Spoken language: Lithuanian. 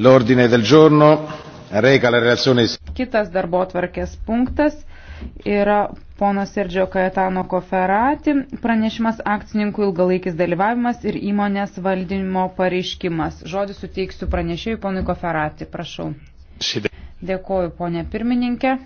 L'ordine del giorno reca la relazione. Kitas darbo tvarkės punktas yra pono Sergio Kajetano Koferati pranešimas akcininkų ilgalaikis dalyvavimas ir įmonės valdymo pareiškimas. Žodį suteiksiu pranešėjui ponui Koferati, prašau. Dėkoju, ponė pirmininkė.